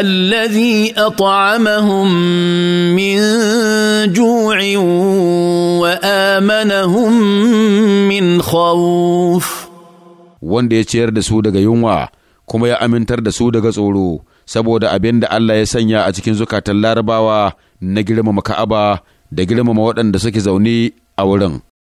الذي اطعمهم من جوع وامنهم من خوف wanda ya ciyar da su daga yunwa kuma ya amintar da su daga tsoro saboda abin da Allah ya sanya a cikin zukatan larabawa na girmama ka'aba da girmama waɗanda suke zaune a wurin